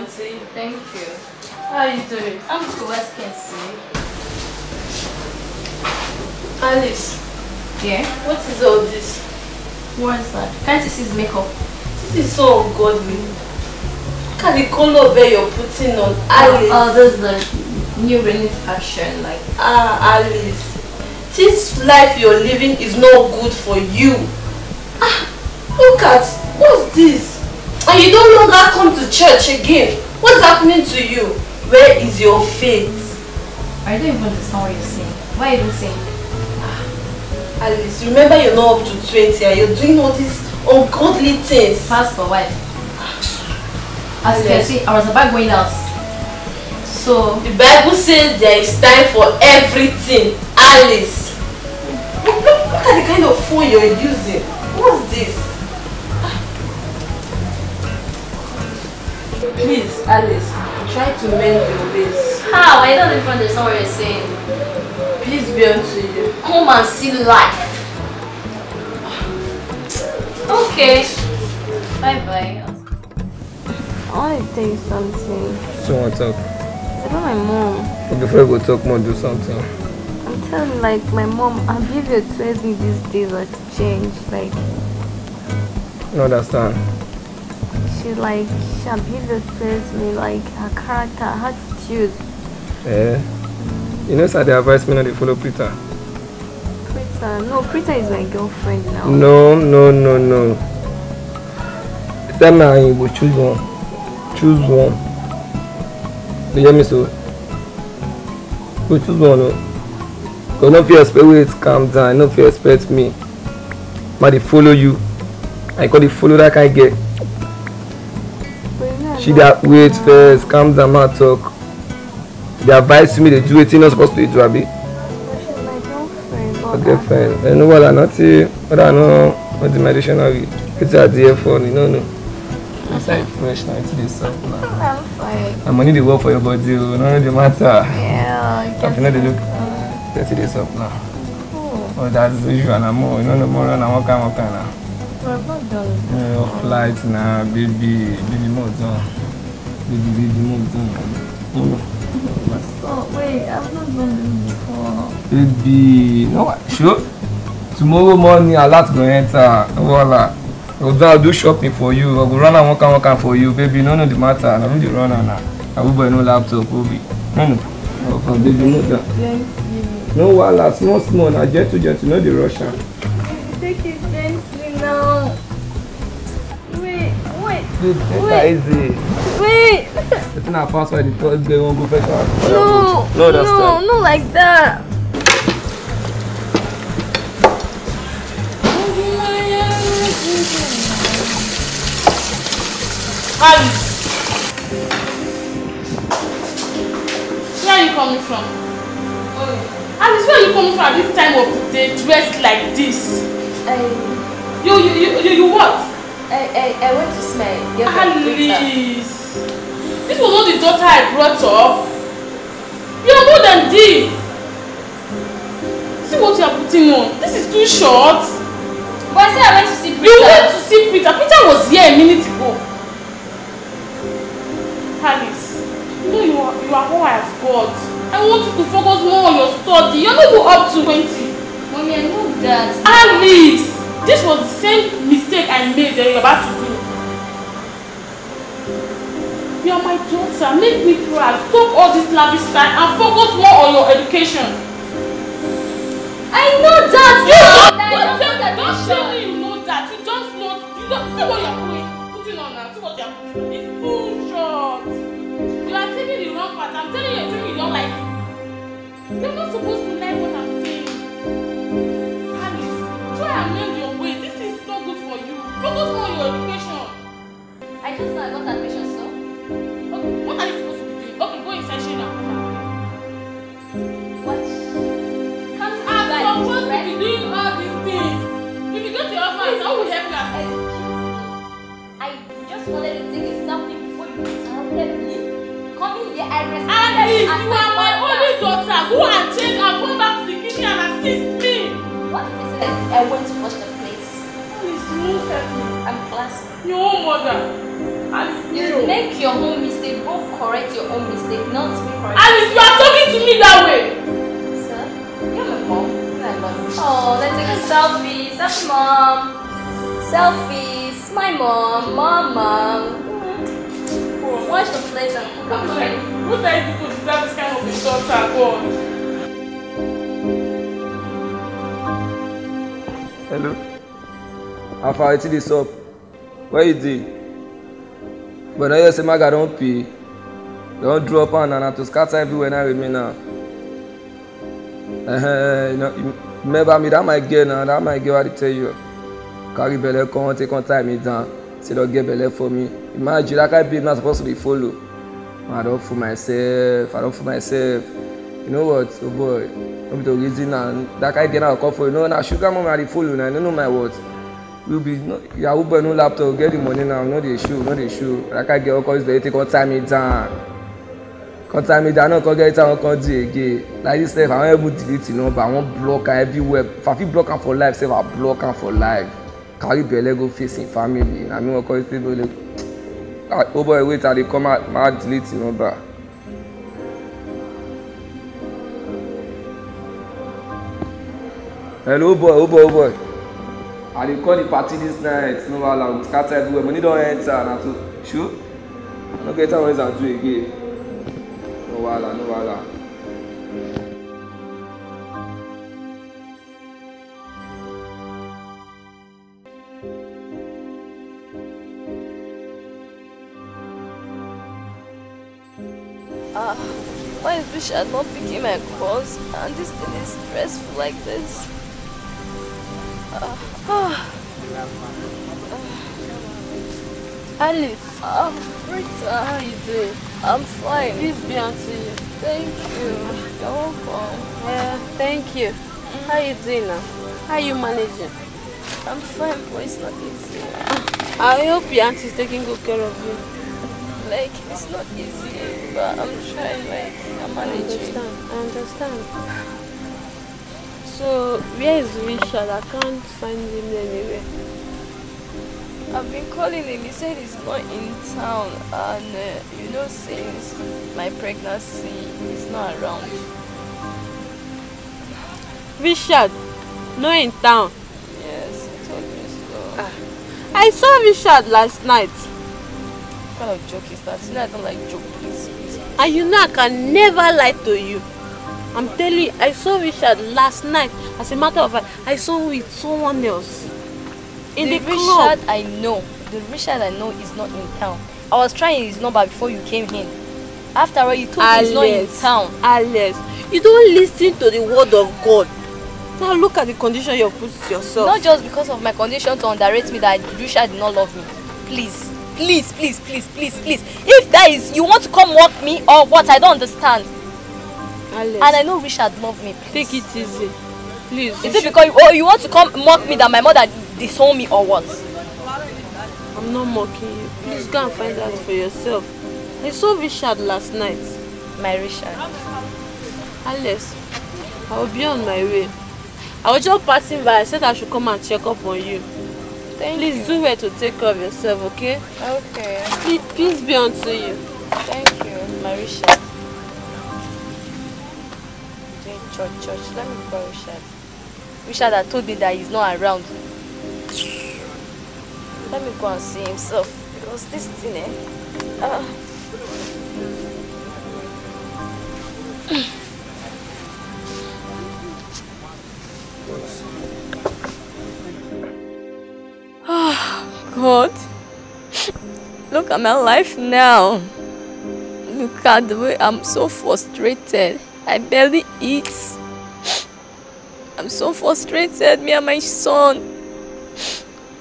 auntie. Thank you. How are you doing? I'm good. West Kensington. Alice. Yeah? What is all this? What is that? Can't you see his makeup? This is so ungodly. Look at the color that you're putting on Alice. Oh, oh this the new renewed fashion. Like, ah, Alice. This life you're living is not good for you. Ah, look at, what's this? And you don't longer come to church again. What's happening to you? Where is your faith? I don't even understand what you're saying. Why are you saying? Ah, Alice, remember you're not up to 20 and you're doing all these ungodly things. Pastor, why? As you can see, I was about going out. So the Bible says there is time for everything. Alice. Look, look, look at the kind of phone you're using. What's this? please, Alice, try to mend your ways. How? I don't even understand what you're saying. Please be unto you. Come and see life. Okay. Bye-bye. I want to tell you something. So what's up? About my mom. Before we talk more, do something. I'm telling like my mom, I believe your twins in these days has changed. Like. No, understand. she like she betrays me like her character, How to choose? Eh? You know, sir, they advised me not to follow Prita. Prita? No, Prita is my girlfriend now. No, no, no, no. Tell me you will choose one. Choose one. Do you hear me so? Go choose one. No? Go not fear expect wait, calm down. No fear expect me. But they follow you. I got to follow that kind of girl she dey wait first calm down ma talk dey advise me dey do wetin no suppose to dey do abi. girlfriend. fine. I know what I not but I know what the meditation are. It's a dear for you know, no. It's like fresh now, it's this soft now. I'm only the work for your body, oh, no, no, the matter. Yeah, I guess. You know, the look. That's it, it's up now. Cool. Oh, that's usual, and I'm more, you know, no more, and I'm all kind of kind now. For about dollars. Yeah, flight baby, baby more done. Baby, baby more done. Oh wait, I've not done this before. Baby, no, sure. Tomorrow morning, I'll have to go enter. Voila. Oga, I'll do shopping for you. I go run and walk and walk and for you, baby. No, no, the matter. I'm don't the run and I will buy no laptop, will be. No, no. Oh, baby, no, that. No, voila. Small, small. I jet to jet. No, the Russian. sleep. Wait. Easy. Wait. It's not pass by the goes going on. Go back out. No. No, that's no, not like that. Alice! Where are you coming from? Oh. Alice, where are you coming from at this time of the day dressed like this? I... You, you, you, you, you what? I, I, I went to see Alice! This was not the daughter I brought up. You are more than this. See what you are putting on. This is too short. But I said I went to see Peter. You went to see Peter. Peter was here a minute ago. Alice, you know you are, you are who I have got. I want you to focus more on your study. You're not up to 20. Mommy, I know that. Alice! This was the same I made that you're about to do. You're my daughter. Make me proud. Stop all this lavish time and focus more on your education. I know that. You don't, don't, don't, don't, tell me you know that. You just know. You don't see what you're doing. Putting on now. See what you're doing. It's bullshit. You are taking the wrong path. I'm telling you, you're doing you don't like it. You're not supposed to like what I'm on your education? I just know I got admission, sir. Okay, what are you supposed to be doing? Okay, go inside now. What? Can't you I'm supposed to be doing all these things. If you go to your office, I will help you. I just wanted to take a selfie before you interrupted me. Coming here, I respect you. Alice, you are my only daughter. Go and change and go back to the kitchen and assist me. What is it? I went to wash the place. Please, move help me. I'm classic. Your own mother. Alice, you no. make your own mistake, both correct your own mistake, not me correct. Alice, you are talking to me that way. Sir, you're my mom. My mom. Oh, let's take a selfie. Selfie, mom. Selfies. My mom. Mom, mom. Oh. Mm-hmm. Watch the place and cook up. What are you people deserve this kind of insult at Hello. How far it is up? where you dey but i hear say maga don pay don drop am na na to scatter everywhere na remain now uh, huh you know, remember me that my girl na that my girl i dey tell you carry belle come take come tie me down say don get belle for me imagine that kind babe na suppose to be follow i don fool myself i don fool myself you know what oh boy no be to reason na that kind girl na go come for you no na sugar mama i dey follow na i no know my worth will be no. yahoo boy no laptop get the money now no dey show no dey show raka girl come use the eighty come tie me down come tie me down náà come get time come do again like this sef i wan even delete the number i wan block am everywhere if i fit block am for life sef i block am for life carry belle go face im family na me wan you say no le oh boy wait i dey come out ma delete the number. hello oh boy oh boy oh boy. I dey call the party this night, no wahala, we scatter everywhere. Money don enter, na to sure. I no get time waste am do again. No wahala, no wahala. Ah, why is Bishop not picking my calls? And this thing is stressful like this. Alice, I'm Rita, how are you doing? I'm fine. Please be unto you. Thank you. You're welcome. Yeah, thank you. Mm. How are you doing now? How are you managing? I'm fine, but it's not easy. I hope your aunt is taking good care of you. Like, it's not easy, but I'm trying, like, I'm managing. I understand, I understand. So, where is Richard? I can't find him anywhere. I've been calling him. He said he's not in town. And, uh, you know, since my pregnancy, he's not around. Richard, not in town. Yes, he told me so. Ah. I saw Richard last night. What kind of joke is that? You know I don't like jokes, And you know I can never lie to you. I'm telling you, I saw Richard last night. As a matter of fact, I saw him with someone else. In the, the club. Richard I know, the Richard I know is not in town. I was trying his number before you came in. After all, you told me he's not in town. Alex, you don't listen to the word of God. Now look at the condition you've put yourself. Not just because of my condition to underrate me that Richard did not love me. Please, please, please, please, please, please. If that is, you want to come walk me or what, I don't understand. Alex. And I know Richard loved me. Please. Take it easy. Please. Is it should... because you, oh, you want to come mock me that my mother disowned me or what? I'm not mocking you. Please go and find out for yourself. I saw Richard last night. My Richard. Alex, will be on my way. I was just passing by. I said I should come and check up on you. Thank please you. do well to take care of yourself, okay? Okay. Please, peace be unto you. Thank you, Marisha. in church, church. Let me call Richard. Richard had told me that he's not around. Let me go and see himself. Because this thing, eh? Uh, oh, God. Look at my life now. Look at the way I'm so frustrated. I barely eat. I'm so frustrated, me and my son.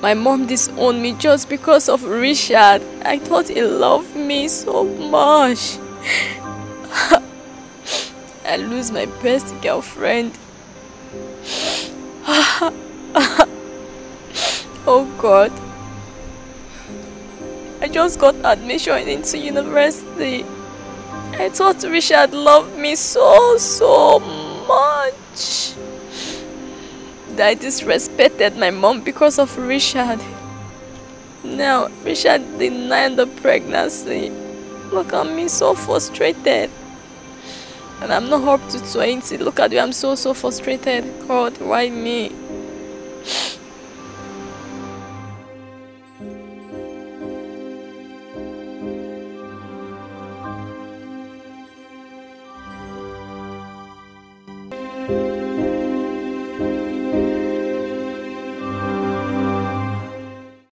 My mom disowned me just because of Richard. I thought he loved me so much. I lose my best girlfriend. oh God. I just got admission into university. I thought Richard loved me so, so much. That I disrespected my mom because of Richard. Now, Richard denied the pregnancy. Look at me, so frustrated. And I'm not up to 20. Look at you, I'm so, so frustrated. God, why me?